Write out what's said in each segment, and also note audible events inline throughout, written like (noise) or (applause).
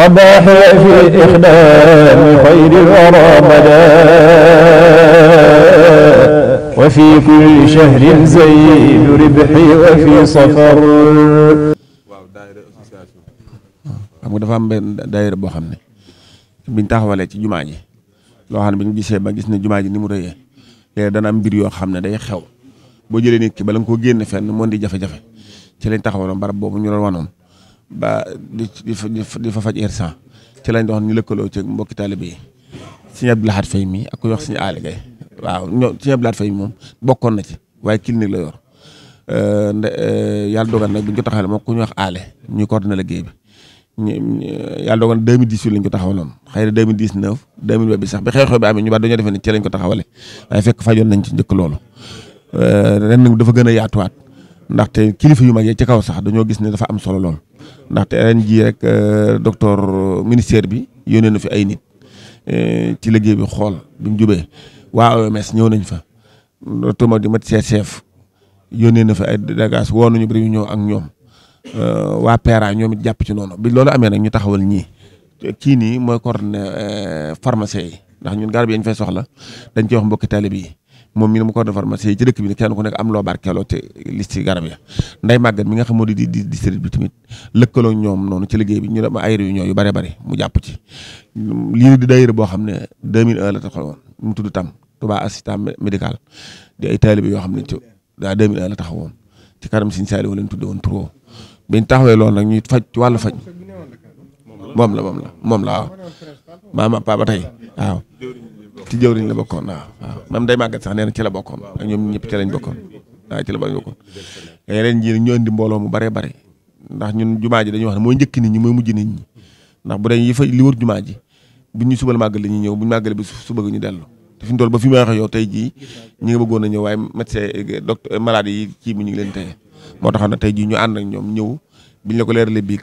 وضاحي في إخدام خير الورى بدا وفي كل شهر زيد ربحي وفي سفر xam nga dafa am benn daayira boo xam ne biñ taxawalee ci jumaa ji loo xam ne biñ gisee ba gis ne jumaa ji ni mu rëyee léegi dana am mbir yoo xam ne day xew boo jëlee ni ki bala nga koo génne fenn moo di jafe-jafe ci lañ taxawaloon barab boobu ñu doon wanoon ba di di fa faj irsan ci lañ doon ñu lëkkaloo ci mbokki taalibe yi sëñ Abdou Lahad Faye mi ak ku wax sëñ Aali Gay waaw ñoo sëñ Abdou Lahad Fay moom bokkoon na ci waaye clinique la yor euh, euh, yàlla dogal nag bu ñu ko taxawal ku ñu wax aale ñu coordonné liggéey bi yàlla dogal 2018 lañ ko taxawaloon xëy na 2019 2020 bi sax bi xew-xew bi amee ñu baax dañoo defee ne ci lañ ko taxawale fekk fajoon nañ ci njëkk loolu euh, ren nag dafa gën a yaatuwaat ndaxte kilifa yu mag yi ci kaw sax dañoo gis ni dafa am solo lool ndaxte ren jii rek euh, docteur euh, ministère bi yónnee na fi ay nit euh, ci liggéey bi xool bi mu jubee waa OMS ñëw nañ fa toma di mat CCF yónnee na fi ay délégation woo nu ñu nañu ñu ñëw ak ñoom waa PRA ñoom jàpp ci noonu bi loolu amee nag ñu taxawal ñii kii nii mooy coordonné pharmacie yi ndax ñun garab yi ñu fay soxla dañ ci wax mbokki taalibe yi moom mi ne ma ko defar pharmacie yi ci dëkk bi ne kenn ku nekk am loo barkeeloo te liste yi garab ya nday màggat mi nga xam moo di di district bi tamit lëkkaloo ñoom noonu ci liggéey bi ñu dem ay réunion yu bare bare mu jàpp ci lii di daayira boo xam ne 2001 la woon mu tudd tam Touba assistant médical di ay taalibe yoo xam ne ci daa 2001 la taxawoon ci kanam Sëñ Saaliw leen tudde woon trop biñ taxawee loolu nag ñuy faj ci wàllu faj moom la moom la moom la waaw ba tey waaw ci jëwriñ la bokkoon waaw waaw day màggat sax nee na ci la bokkoon ak ñoom ñëpp ci lañ bokkoon waaw ci la bokkoon eh, ren jii mbooloo mu baree bare ndax ñun jumaa ji dañuy wax ne mooy njëkk nit ñi mooy mujj nit ndax bu dañ yi fa li wër jumaa ji bu ñu subal màggal la ñuy ñëw bu ñu màggalee bi su bëgg ñu dellu te fi mu toll ba fi may waxee yow tey jii ñi nga a ñëw waaye médecin eh, docteur eh, malade yi kii bi ñu ngi leen teye moo taxoon na tey jii ñu ànd ak ñoom ñëw biñ la ko leeralee biig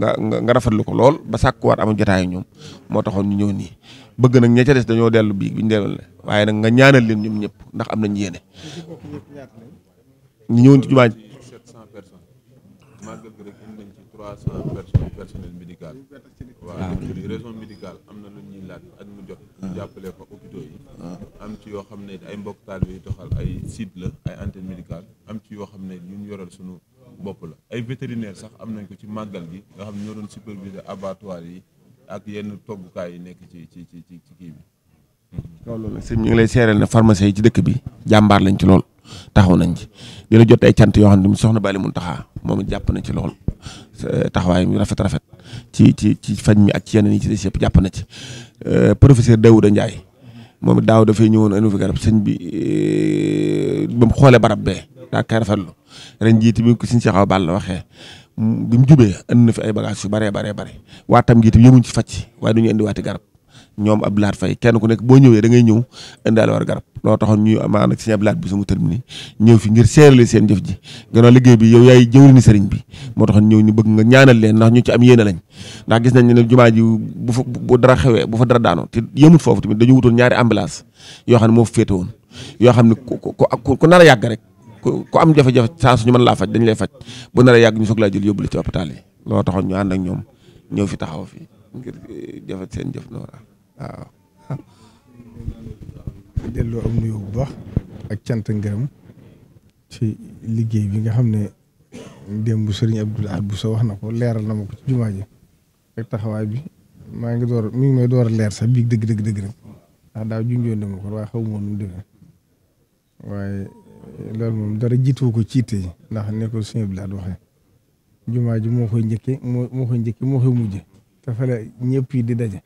nga nga rafetlu ko lool ba sàkkuwaat amu jotaay ñoom moo taxoon ñu ñëw nii bëgg nag ña ca des dañoo dellu bii bi ñu delloo ne waaye nag nga ñaanal leen ñoom ñëpp ndax am nañ yéene. ñu ñëwoon ci jumaa ji. jàppale ko hôpitaux yi am ci yoo xam ne ay mbokk taalibe yu doxal ay site la ay antenne médicale am ci yoo xam ne ñu yoral suñu bopp la ay vétérinaire sax am nañ ko ci màggal gi nga xam ne ñoo doon superviser abattoir yi ak yenn toggukaay yi nekk ci ci ci ci kii bi. loolu nag ñu ngi lay seeral ne pharmacie yi ci dëkk bi jàmbaar lañ ci lool taxaw nañ ci dina jot ay cant yoo xam ne mu soxna mun taxa moom jàpp nañ ci lool taxawaay mi rafet rafet ci ci ci faj mi ak ci yeneen yi ci des jàpp na ci euh, professeur Daouda Ndiaye moom daaw dafay ñëwoon indi fi garab sëñ bi euh, ba mu xoolee barab bee daa koy rafetlu ren jiiti bi ko suñu Cheikh Awa Balla waxee. bi mu jubee indi na fi ay bagages yu baree baree bare waa tam gi itam yëmuñ ci fàcc waaye du ñu indi waati garab ñoom ab laat fay kenn ku nekk boo ñëwee da ngay ñëw indaale war garab loo taxoon ñuy amaan ak sëñ laat bi su ma terminé ñëw fi ngir seen jëf ji gannaaw liggéey bi yow yaay jëwri ni sëriñ bi moo taxoon ñëw ñu bëgg nga ñaanal leen ndax ñu ci am yéene lañ ndax gis nañ ne jumaa ji bu fa bu dara xewee bu fa dara daanoo te yëmut foofu tamit dañu wutoon ñaari ambulance yoo xam ne moo féete woon yoo xam ne ku ku ku nar a yàgg rek ku am jafe-jafe saa su ñu laa faj dañ lay faj bu nar yàgg ñu soog laa jël yóbbu la ci hôpital yi loo taxoon ñu ak ñoom fi taxaw fi ngir eh, jafe seen jëf noora (laughs) am nuyoo bu ak cant ngërëm ci liggéey bi nga xam ne démb sëriñ Abdoul Ahad Bousso wax na ko leeral na ma ko ci jumaa ji ak taxawaay bi maa ngi door mi ngi may door a leer sax bii dëgg dëgg dëgg rek ndax daaw junjoon na ma ko waaye xaw ma nu mu waaye. loolu moom dara jiitu ko ci yitte ji ndax ne ko suñu bilaad waxee jumaa ji moo koy njëkkee moo koy njëkkee moo koy mujjee te fële ñëpp yi di daje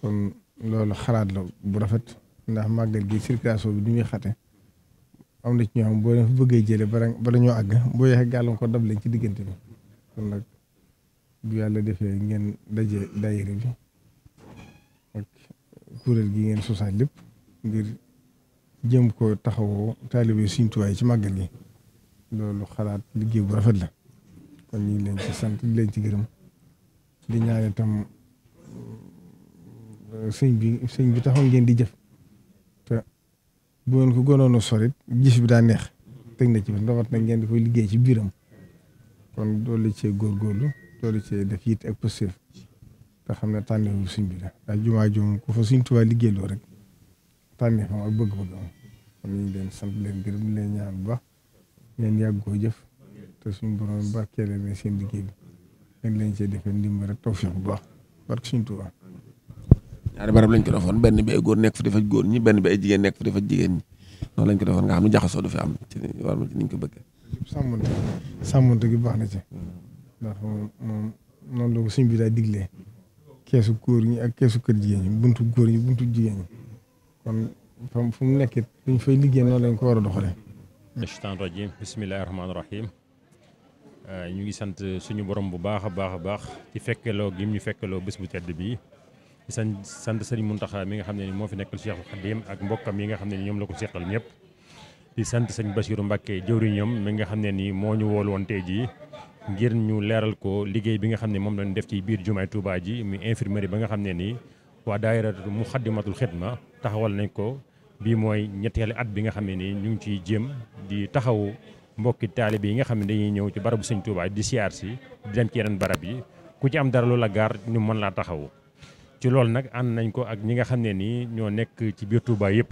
kon loolu xalaat la bu rafet ndax màggal gi circulation bi du ñuy xate am na ci ñoo xam boo leen fa bëggee jëlee bala ñoo àgg boo yeexee gàllankoor dab leen ci diggante bi kon nag bu yàlla defee ngeen daje daayira bi ak gi ngeen sosaat lépp jëm ko taxawoo taalibe Sëriñ Tuubaa ci màggal gi loolu xalaat liggéey bu rafet la kon ñu ngi leen ci sant di leen ci gërëm di ñaan itam euh, sëñ bi sëñ bi taxaw ngeen di jëf te bu ngeen ko gënoon a sorit gis bi daa neex teg na ci ba ndawat na ngeen di koy liggéey ci biiram kon doolu cee góorgóorlu doolu cee def yit ak positif te xam ne tànnewu sëñ bi la ndax jumaa jum ko fa Sëriñ Tuubaa liggéey loo rek tànneefam ak bëgg-bëggam kon ñu ngi leen sant leen gërëm leen ñaan bu baax ngeen yàgg koo jëf te suñu borom barkeele leen seen liggéey bi ngeen leen cee defee ndimbal rek tawfeex bu baax barke suñu Tuubaa ñaari barab lañ ko defoon benn bi ay nekk fa góor ñi benn bi jigéen nekk fa dafa jigéen lañ ko defoon nga xam ne jaxasoo am ci war ma ci ko bëggee. sàmmante sàmmante gi baax na ci ndax moom noonu la ko suñ bi daa digle keesu góor ñi ak keesu kër jigéen ñi buntu góor ñi buntu jigéen ñi kon fam fu mu nekkit luñ fay liggéey noonu lañ ko war a doxale shaytaan rajim bismillahi rahmaani rahim euh, ñu ngi sant suñu borom bu baax a baax a baax ci fekkeloo gim ñu fekkeeloo bés bu tedd bii di sant sant sëriñ Muntaxa mi nga xam ne ni moo fi nekkal Cheikhul Khadim ak mbokkam yi nga xam ne ni ñoom la ko seqal ñëpp di sant sëñ Basiiru Mbàkke ñoom mi nga xam ne ni moo ñu wool woon jii ngir ñu leeral ko liggéey bi nga xam ne moom lañ def ci biir jumaay Touba ji muy infirmerie ba nga xam ne nii waa daayiratu Muxaddamatul Xidma taxawal nañ ko bii mooy ñetteelu at bi nga xam ne nii ñu ngi ciy jéem di taxawu mbokki taalibe yi nga xam ne dañuy ñëw ci barabu sëñ Touba di siyaar si di dem ci yeneen barab yi ku ci am dara lu la gaar ñu mën laa taxawu. ci loolu nag ànd nañ ko ak ñi nga xam ne nii ñoo nekk ci biir Touba yëpp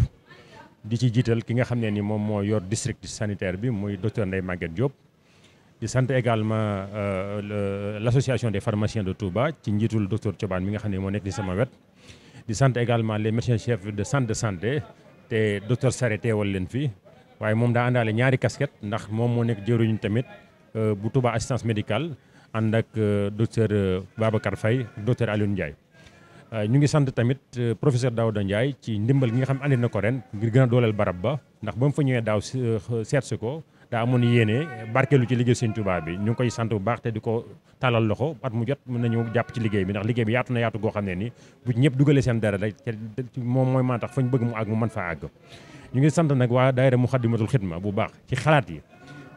di ci jiital ki nga xam ne nii moom moo yor district sanitaire bi muy docteur Ndeye màgget Diop. di sant également euh, l'association de pharmaciens de Touba ci njiitul docteur Thioban mi nga xam ne moo nekk di sama di sant également les médecins chefs de centre de santé te docteur Sare teewal leen fii waaye moom daa àndaale ñaari kasket ndax moom moo nekk jëruñu tamit euh, bu Touba assistance médical ànd ak euh, docteur euh, Babacar Faye docteur Alioune Ndiaye. ñu ngi sant tamit professeur Daouda njaay ci ndimbal gi nga xam ne na ko ren ngir gën a dooleel barab ba ndax ba mu fa ñëwee daaw seet si ko. daa amoon yéene barkeelu ci liggéey Sëñ Touba bi ñu ngi koy sant bu baax te di ko talal loxo at mu jot mën nañu jàpp ci liggéey bi ndax liggéey bi yaatu na yaatu goo xam ne ni bu ñëpp dugalee seen dara rek moom mooy maa tax fañ bëgg mu àgg mu mën faa àgg ñu ngi sant nag waa daayira Muxaddamatul Xidma bu baax ci xalaat yi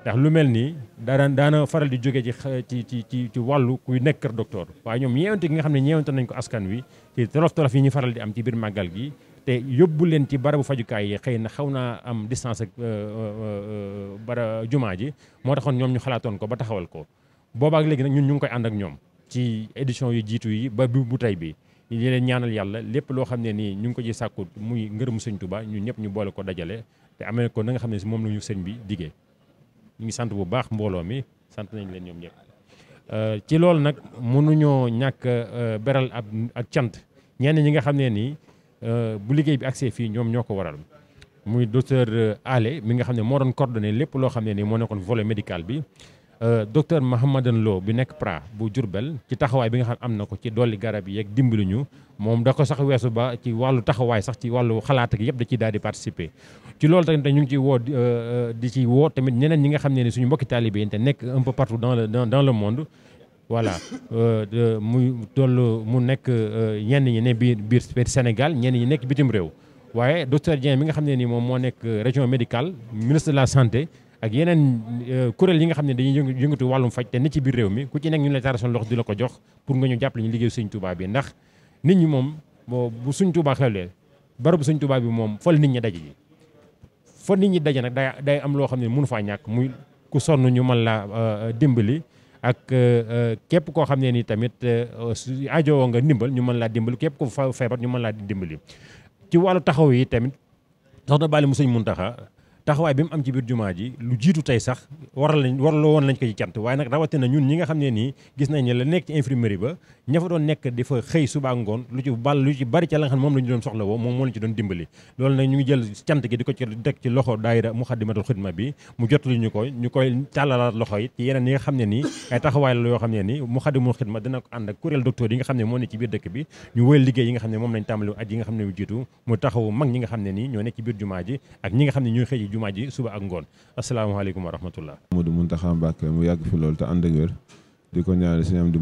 ndax lu mel nii daana daana faral di jóge ci ci ci ci ci wàllu kuy nekk kër docteur waaye ñoom ñeewante gi nga xam ne ñeewante nañ ko askan wi ci tolof tolof yi ñu faral di am ci biir màggal gi te yóbbu leen ci barabu fajukaay yi xëy na xaw naa am distance ak euh, euh, euh, bara jumaa ji moo taxoon ñoom ñu xalaatoon ko ba taxawal ko ak léegi nag ñun ñu ngi koy ànd ak ñoom ci édition yi jiitu yi ba bu bu tey bi ñu leen ñaanal yàlla lépp loo xam ne nii ñu ngi ko ci sàkku muy ngërëmu sëñ Tuubaa ñun ñëpp ñu boole ko dajale te amee ko nanga xam ne si moom la ñu sëñ bi diggee ñu ngi sant bu baax mbooloo mi sant nañ leen ñoom ñëpp ci loolu nag mënuñoo ñàkk beral ab ak cant ñenn ñi nga xam ne nii Euh, bu liggéey bi accès fii ñoom ñoo ko waral muy docteur euh, Ale mi nga xam ne moo doon coordonné lépp loo xam ne nii moo nekkoon volet médical bi euh, docteur Mahamadan Lo bi nekk pra bu Jurbel ci taxawaay bi nga xam ne am na ko ci dolli garab yi yeeg dimbali ñu moom da ko sax weesu ba ci wàllu taxawaay sax ci wàllu xalaat ak yëpp da ciy daal di participer ci loolu tamit ñu ngi ciy woo ci woo tamit ñeneen ñi nga xam ne ni suñu mbokki taalibe yi nekk un peu partout dans le dans le monde voilà euh, muy toll mu nekk euh, ñenn ñi ne biir biir Sénégal ñenn ñi nekk bitim réew waaye docteur Dieng mi nga xam ne nii moom moo nekk euh, région médical ministre de la santé ak yeneen kuréel yi nga xam ne dañuy yëngatu wàllum faj te ne ci biir réew mi ku ci nekk ñu lay taara seen loxo di la ko jox pour nga ñu jàppale ñu liggéey Sëñ Tuubaa bi ndax nit ñi moom bu Sëñ Tuubaa xewlee barabu Sëñ Tuubaa bi moom fol nit ñi daje ji fa nit ñi daje nag day day am loo xam ne mënu faa ñàkk muy ku sonn ñu mën laa dimbali ak euh, euh, képp koo xam ne nii tamit euh, su ajowoo nga ndimbal ñu mën laa dimbali képp ko fa feebar ñu mën laa dimbali ci wàllu taxaw yi tamit soxna Bally mu sëñ Muntaxa taxawaay bi mu am ci biir jumaa ji lu jiitu tey sax war waral war waraloo woon lañ koy ci cant waaye nag rawatina ñun ñi nga xam ne nii gis nañ ne la nekk ci infirmerie ba ña fa doon nekk di fa xëy suba ngoon lu ci bal lu ci bari ca la nga xam moom la doon soxla moom moo leen ci doon dimbali loolu nag ñu ngi jël cant gi di ko ci teg ci loxo daayira Muxaddamatul Xidma bi mu jot li ñu ko ñu koy tàllalaat loxo yi ci yeneen yi nga xam ne nii ay taxawaay la yoo xam ne nii Muxaddamatul Xidma dina ko ànd ak kuréel docteur yi nga xam ne moo ne ci biir dëkk bi ñu wëyal liggéey yi nga xam ne moom lañ tàmbali at yi nga xam ne mu jiitu mu taxaw mag ñi ne nii ñoo nekk ci biir jumaa ji ak ñi nga ko ñaanal Sëñ Amdi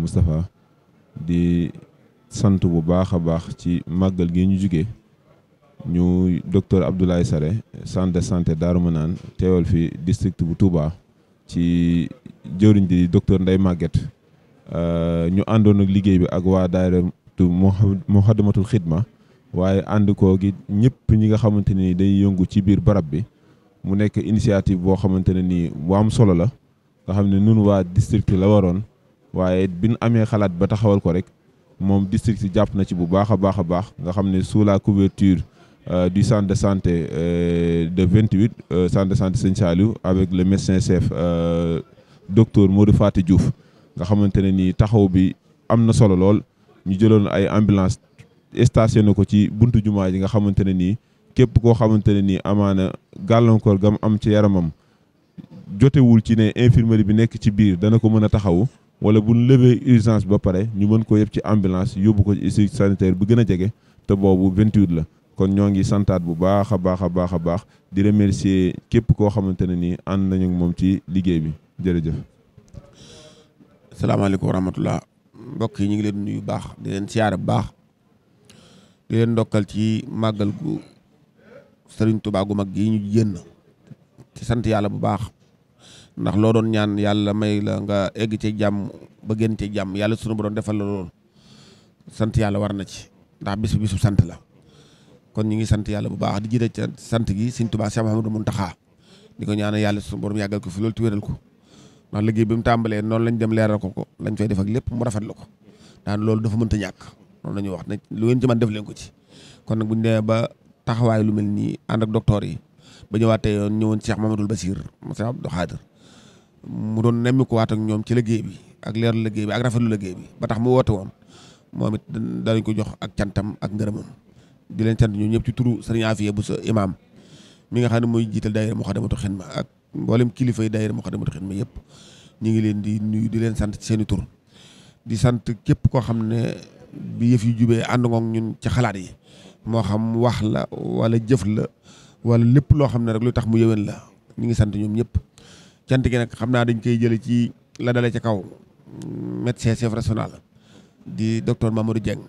di sant bu baax a baax ci màggal gi ñu jugee ñu docteur Abdoulaye Sare centre de santé Daaru Manaan teewal fi district bu Touba ci jëwriñ di docteur Ndeye Maguette euh, ñu àndoon ak liggéey bi ak waa daayira Muxaddamatul Xidma waaye ànd koo gi ñëpp ñi nga xamante ni dañuy yëngu ci biir barab bi mu nekk initiative boo xamante ne nii bu am solo la nga xam ne nun waa district la waroon waaye bi nu amee xalaat ba taxawal ko rek moom district yi jàpp na ci bu baax a baax a baax nga xam ne sous la couverture euh, du centre de santé euh, de 28 euh, centre de santé Sëñ Saliou avec le médecin chef docteur Modou Faty Diouf nga xamante ne nii taxaw bi am na solo lool ñu jëloon ay ambulance stationné ko ci buntu jumaa ji nga xamante ne nii képp koo xamante ne nii amaana gàllankoor gam am ci yaramam jotewul ci ne infirmerie bi nekk ci biir dana ko mën a taxawu wala bu ñu levee urgence ba pare ñu mën ko yëpp ci ambulance yóbbu ko ci sanitaire bu gën a jege te boobu 28 la kon ñoo ngi santaat bu baax a baax a baax a baax di remercier képp koo xamante ne nii ànd nañu moom ci liggéey bi jërëjëf. salaamaaleykum wa rahmatulah mbokk yi ñu ngi leen nuyu baax di leen siyaare bu baax di leen ndokkal ci màggal gu Serigne Touba mag yi ñu génn ci sant yàlla bu baax. ndax loo doon ñaan yàlla may la nga egg ci jàmm ba génn jàmm yàlla sunu borom defal la loolu sant yàlla war na ci ndax bis bisu sant la kon ñu ngi sant yàlla bu baax di jiite ci sant gi Sëriñ Tuubaa Cheikh Mouhamadou Mountakha di ko ñaanal yàlla sunu borom yàggal fi loolu ti wéral ko ndax liggéey bi mu tàmbalee noonu dem leeral ko ko lañ fay def ak lépp mu rafetlu ko daan loolu dafa mënta ñàkk noonu la ñuy wax ne lu ngeen ci man def leen ko ci kon nag bu ñu demee ba taxawaay lu mel nii ànd ak docteur yi ba ñëwaat tey yoon ñëwoon Cheikh Mamadou Bassir monsieur Abdou Khadir mu doon nemmikuwaat ak ñoom ci liggéey bi ak leerlu liggéey bi ak rafetlu liggéey bi ba tax mu woote woon moom it danañ ko jox ak cantam ak ngërëmam di leen cant ñoom ñëpp ci turu sëriñ Afiya bu sa imaam mi nga xam ne mooy jiital daayira Muxaddamatul Xidma ak mboolem kilifa yi daayira Muxaddamatul Xidma yëpp ñu ngi leen di nuyu di leen sant ci seen i tur di sant képp koo xam ne bi yëf yu jubee ànd ngoog ñun ci xalaat yi moo xam wax la wala jëf la wala lépp loo xam ne rek lu tax mu yëwén la ñu ngi sant ñoom ñëpp cant gi nag xam naa dañ koy jële ci la dale ca kaw médecin chef régional di docteur Mamadou Dieng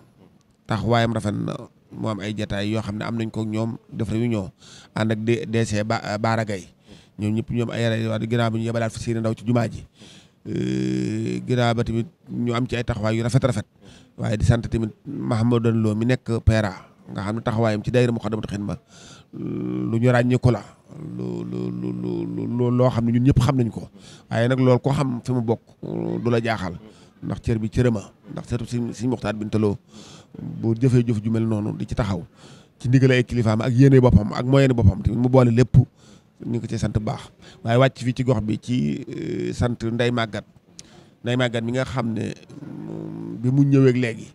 taxawaayam rafet na mu am ay jataay yoo xam ne am nañ kook ñoom def réunion ànd ak DC Baara Gaye ñoom ñëpp ñoom ay rajo wax ginnaaw bi ñu yebalaat fi seeni ndaw ci jumaa ji ginnaaw ba tamit ñu am ci ay taxawaay yu rafet rafet waaye di sant tamit Mahamadan loo mi nekk Pera nga xam ne taxawaayam ci daayira Moukhaddamatoul ma lu ñu ràññeeku la lu loo xam ne ñun ñëpp xam nañ ko waaye nag loolu koo xam fi mu bokk du la jaaxal ndax cër bi ma ndax surtout si si Muxtaar Bintaloo boo jëfee jëf ju mel noonu di ci taxaw ci ndigal ay kilifaam ak yéene boppam ak moyen boppam te mu boole lépp ñu ko ci sant bu baax waaye wàcc fii ci gox bi ci euh, sant Ndey Màggat nday Màggat mi nga xam ne bi mu ñëweek léegi.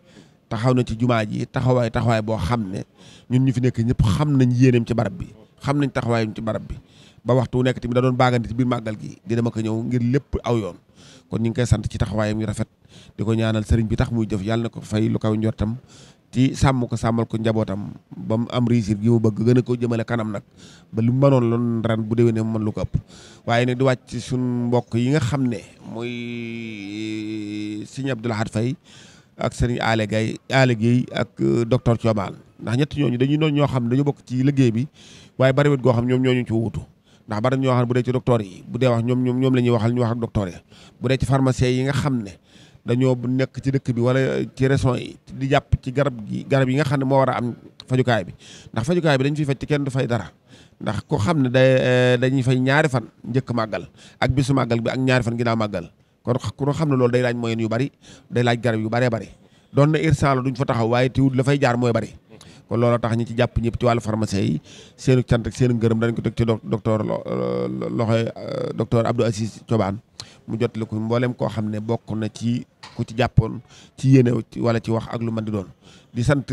taxaw na ci jumaa ji taxawaay taxawaay boo xam ne ñun ñu fi nekk ñëpp xam nañ yéeneem ci barab bi xam nañ taxawaayam ci barab bi ba waxtu nekk tamit da doon baagandi ci biir màggal gi dina ma ko ñëw ngir lépp aw yoon kon ñu ngi koy sant ci taxawaayam yu rafet di ko ñaanal sëriñ bi tax muy jëf yàlla na ko fay lu kaw njortam ci sàmm ko sàmmal ko njabootam ba mu am riisir gi mu bëgg gën a ko jëmale kanam nag ba lu mënoon loon ren bu déwénee mu mën lu ko ëpp waaye nag di wàcc suñ mbokk yi nga xam ne mooy eh, sëñ Abdoul Ahad Faye ak sëriñ Aale Gaye Aale Guèye ak euh, docteur Thiomal ndax ñett ñooñu dañuy doon ñoo xam ne dañu bokk ci liggéey bi waaye bari wet goo xam ñoom ñooñu ci wuutu ndax bari ñoo xam ne bu dee ci docteur yi bu dee wax ñoom ñoom ñoom la ñuy waxal ñu wax ak docteur yi bu dee ci pharmacien yi nga xam ne dañoo nekk ci dëkk bi wala ci région yi di jàpp ci garab gi garab yi nga xam ne moo war a am fajukaay bi ndax fajukaay bi dañ fiy faj ci kenn du fay dara ndax ko xam ne day euh, dañuy fay ñaari fan njëkk màggal ak bisu màggal bi ak ñaari fan ginnaaw màggal kon ku xam ne loolu day laaj moyen yu bari day laaj garab yu baree bari doon na irsan la duñ fa taxaw waaye tiwut la fay jaar mooy bari kon looloo tax ñi ci jàpp ñëpp ci wàllu pharmacie yi seenu cant ak seenu ngërëm dañ ko teg ci docteur loxoy euh, docteur Abdou Aziz Thioban mu jot li ko mboolem koo xam ne bokk na ci ku ci jàppoon ci yéene wala ci wax ak lu mën di doon di sant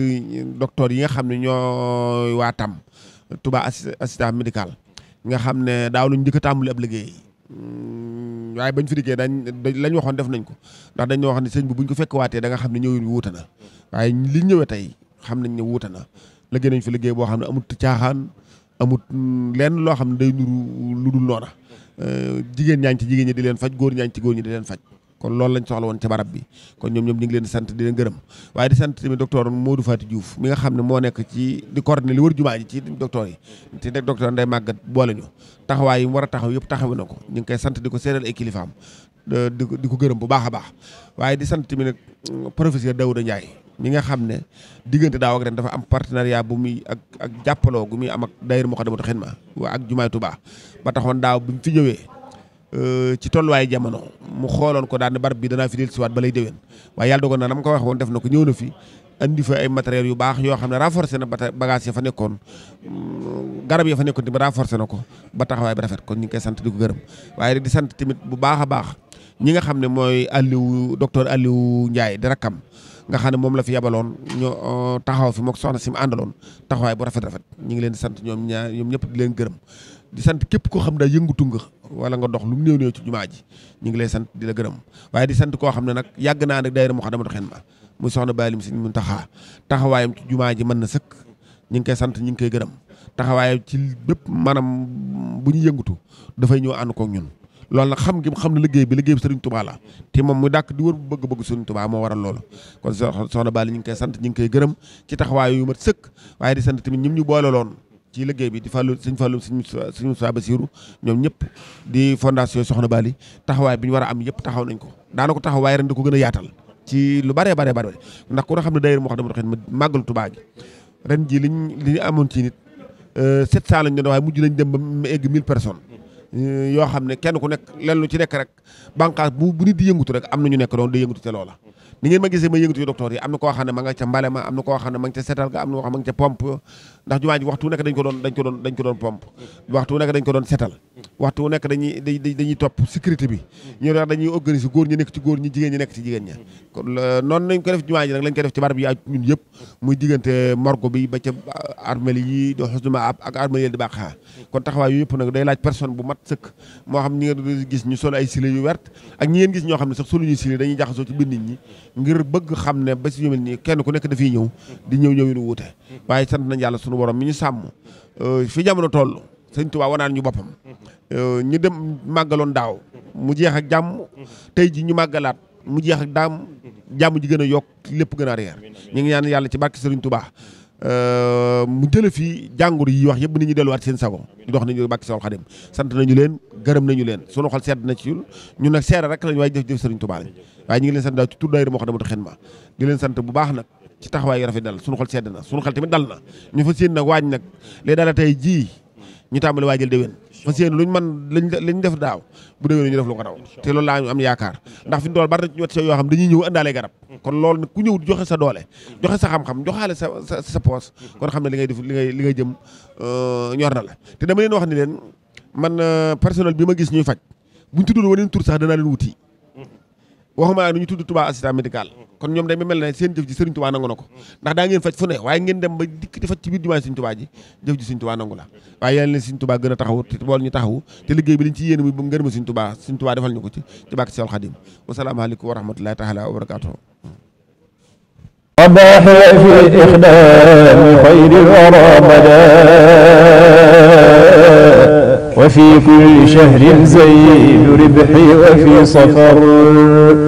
docteur yi nga xam ne ñooy waa tam tubaa assistance médical nga xam ne daaw luñ njëkk a ab liggéey Mm, waaye bañ fi dikkee dañ lañ waxoon def nañ ko ndax dañ waxoon ne sëñ bi buñ ko fekk waatee danga xam ne ñëwin wi wuute na waaye li ñëwee tey xam nañ ne wuute na liggéey nañ fi liggéey boo xam ne amut caaxaan amut mm, lenn loo xam ne day nuru lu dul noona mm. eh, jigéen ñaañ ci jigéen ñi di leen faj góor ñaañ ci góor ñi di leen faj kon lañ soxla woon ci barab bi kon ñoom ñoom ñu leen sant di leen gërëm waaye di sant tamit docteur Modou Faty Diouf mi nga xam ne moo nekk ci di coordonné li wër jumaa ji ci docteur yi te nag mu war a taxaw yëpp taxawu na ko ñu ngi koy sant di ko seedal ay kilifaam di di ko gërëm bu baax a baax waaye di sant tamit nag mm, professeur Daouda Ndiaye mi nga xam ne diggante daaw ak ren dafa am partenariat bu muy ak ak jàppaloo gu muy am ak daayira Moukhaddamatoul Khidma ak jumaatu Touba ba taxoon daaw bi mu fi ñëwee Euh, ci tolluwaay jamono mu xooloon ko daal ne barab bi danaa fi dellusiwaat ba lay déwén waaye yàlla dogal na na ma ko wax woon def na ko ñëw na fi andi fa ay matériels yu baax yoo xam ne renforcé na bagage ya fa nekkoon mm, garab ya fa nekkoon tamit renforcé na ko ba taxawaay bi rafet kon ñu ngi koy sant di ko gërëm waaye di sant tamit bu baax a baax ñi nga xam ne mooy Aliou docteur Aliou Ndiaye di rakkam nga xam ne moom la fi yabaloon ñu euh, taxaw fi mook soxna si mu àndaloon taxawaay bu rafet rafet ñu ngi leen sant ñoom ñaar ñoom ñëpp di leen gërëm di sant képp koo xam ne yëngutu nga wala nga dox lu mu néew néew ci jumaa ji ñu ngi lay sant di la gërëm waaye di sant koo xam ne nag yàgg naa nag daayira Moukhaddamatoul Khidma mu soxna Baalim Sëñ Muntaxa taxawaayam ci jumaa ji mën na sëkk ñu ngi koy sant ñu ngi koy gërëm taxawaayam ci bépp maanaam bu ñu yëngatu dafay ñëw ànd kook ñun loolu nag xam gi xam ne bi liggéey bi sëriñ Tuubaa la te moom mu dàkk di wër bu bëgg-bëgg sëriñ Tuubaa moo waral loolu kon soxna Baalim ñu ngi koy sant ñu ngi koy gërëm ci taxawaay yu mat sëkk waaye di sant tamit ñim ñu boole loon ci liggéey bi di fàllu sëñ fàllu sëñ sëñ Moussa Bassirou ñoom ñëpp di fondation Soxna Bali taxawaay bi war a am yëpp taxaw nañ ko daana ko taxawaay ren di ko gën a yaatal ci lu bare bare bare ndax ku na xam ne daayira Moukhaddamatoul Khidma màggal euh, dem ba mu egg 1000 personnes euh, yoo xam ne kenn ku nekk lenn lu ci nekk rek bànqaas bu bu nit di yëngutu rek am na ñu nekk doon day yëngutu te loola ni ngeen ma gisee ma yëngatu ci yi am na koo xam ne ma nga ca mbale ma ndax jumaa ji waxtu nekk dañ ko doon dañ ko doon dañ ko doon pompe waxtu nekk dañ ko doon setal waxtu nekk dañuy dañuy topp sécurité bi ñu wax dañuy organiser góor ñi nekk ci jigéen ñi nekk ci euh, ba ca armel yi do xusnuma ak armel yi di day laaj personne bu mat sëkk moo xam ñi ngeen gis ñu sol xam ne sax soluñu silé dañuy jaxasoo ci biir nit ñi ngir bëgg xam ne ba si ñu kenn ku nekk dafay ñëw di ñëw ñëw wuute waaye sant nañ yàlla sunu sunu borom mi ñu sàmm euh, fi jamono toll sëñ Tuubaa wanaan ñu boppam euh, ñu dem màggaloon daaw mu jeex ak jàmm tey ji ñu màggalaat mu jeex ak daam jàmm ji gën a yokk lépp gën a réer ñu ngi ñaan yàlla ci barke sëriñ Tuubaa euh, mu jële fii jàngoro yi wax yëpp nit ñi delluwaat seen sago ñu dox nañu bàkki Seexul Xadim sant nañu leen gërëm nañu leen sunu xol sedd na ci yul ñu nag seere rek lañu waaye jëf jëf sëriñ Tuubaa lañ waaye ñu ngi leen sant daal ci tur daayira moo xam ne leen sant bu baax nag ci taxawaay yu rafet dal suñu xol sedd na suñu xel tamit dal na ñu fas yéene nag waañ nag léegi daal tey jii ñu tàmbali waajal déwén fas yéene luñ mën liñ def daaw bu déwén ñu def lu ko daw te loolu la am yaakaar ndax fi ñu dool bari na ñett yoo xam dañuy ñëw ëndaale garab kon loolu nag ku ñëw joxe sa doole joxe sa xam-xam joxaale sa sa sa poos kon xam ne li ngay def li ngay li ngay jëm euh, ñor na la te dama leen wax ni leen man euh, personnel bi ma gis ñuy faj buñ tuddul waneen tur sax danaa leen wuti waxuma nu ñu tudd Touba assistant médical kon ñoom day mel ne seen jëf ji Serigne Touba nangu na ko ndax daa ngeen faj fu ne waaye ngeen dem ba dikk di faj ci biir jumaa Serigne Touba ji jëf ji Serigne Touba nangu la waaye yàlla na Serigne Touba gën a taxaw te bool ñu taxaw te liggéey bi liñ ci yéene muy ngërëm Serigne Touba Serigne Touba defal ñu ko ci ci bàkk Seexul Xadim wasalaamaaleykum wa rahmatullahi taala wa barakatuhu وباحي في إخدام خير الورى بدا وفي